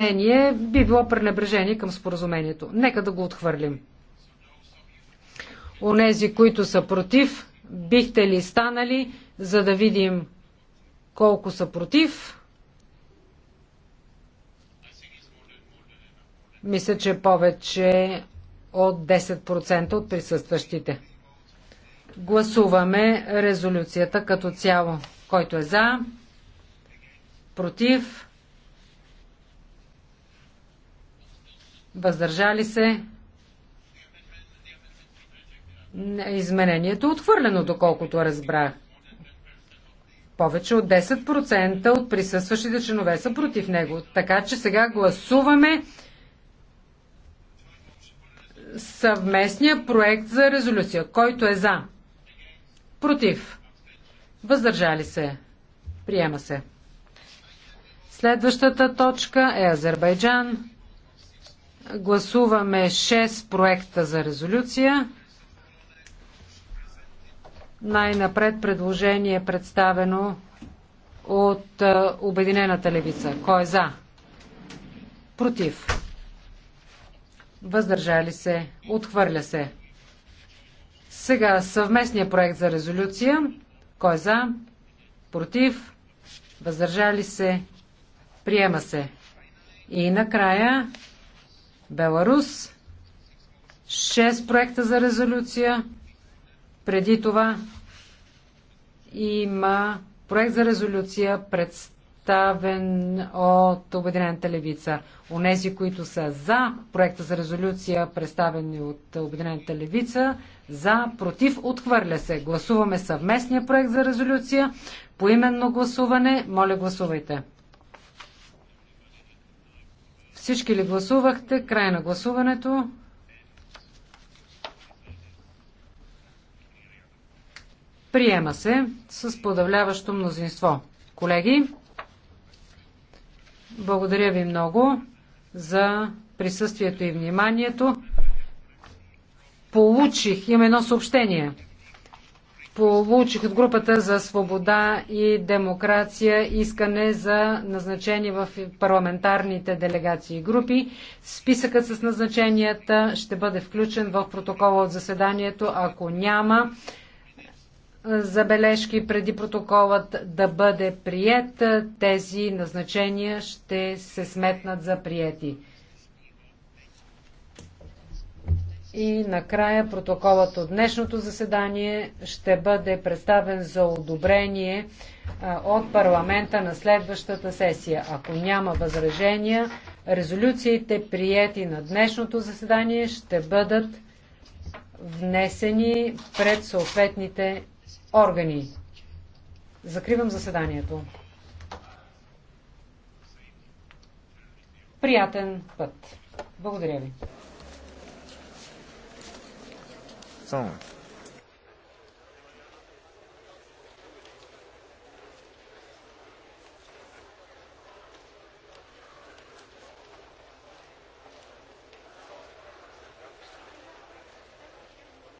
мнение би било пренебрежение към споразумението. Нека да го отхвърлим. Онези, които са против, бихте ли станали, за да видим колко са против? Мисля, че повече от 10% от присъстващите. Гласуваме резолюцията като цяло. Който е за, против, Въздържали се. Изменението е отхвърлено, доколкото разбрах. Повече от 10% от присъстващите чинове са против него. Така че сега гласуваме съвместния проект за резолюция. Който е за? Против. Въздържали се. Приема се. Следващата точка е Азербайджан. Гласуваме 6 проекта за резолюция. Най-напред предложение е представено от е, Обединената левица. Кой е за? Против. Въздържали се. Отхвърля се. Сега съвместния проект за резолюция. Кой е за? Против. Въздържали се. Приема се. И накрая Беларус. 6 проекта за резолюция. Преди това има проект за резолюция представен от Обединената левица. Онези, които са за проекта за резолюция, представени от Обединената левица, за, против, отхвърля се. Гласуваме съвместния проект за резолюция. По именно гласуване, моля гласувайте. Всички ли гласувахте? Край на гласуването. Приема се с подавляващо мнозинство. Колеги, благодаря ви много за присъствието и вниманието. Получих, имам едно съобщение получих от групата за свобода и демокрация искане за назначение в парламентарните делегации и групи. Списъкът с назначенията ще бъде включен в протокола от заседанието, ако няма забележки преди протоколът да бъде прият, тези назначения ще се сметнат за прияти. И накрая протоколът от днешното заседание ще бъде представен за одобрение от парламента на следващата сесия. Ако няма възражения, резолюциите приети на днешното заседание ще бъдат внесени пред съответните органи. Закривам заседанието. Приятен път! Благодаря ви! So.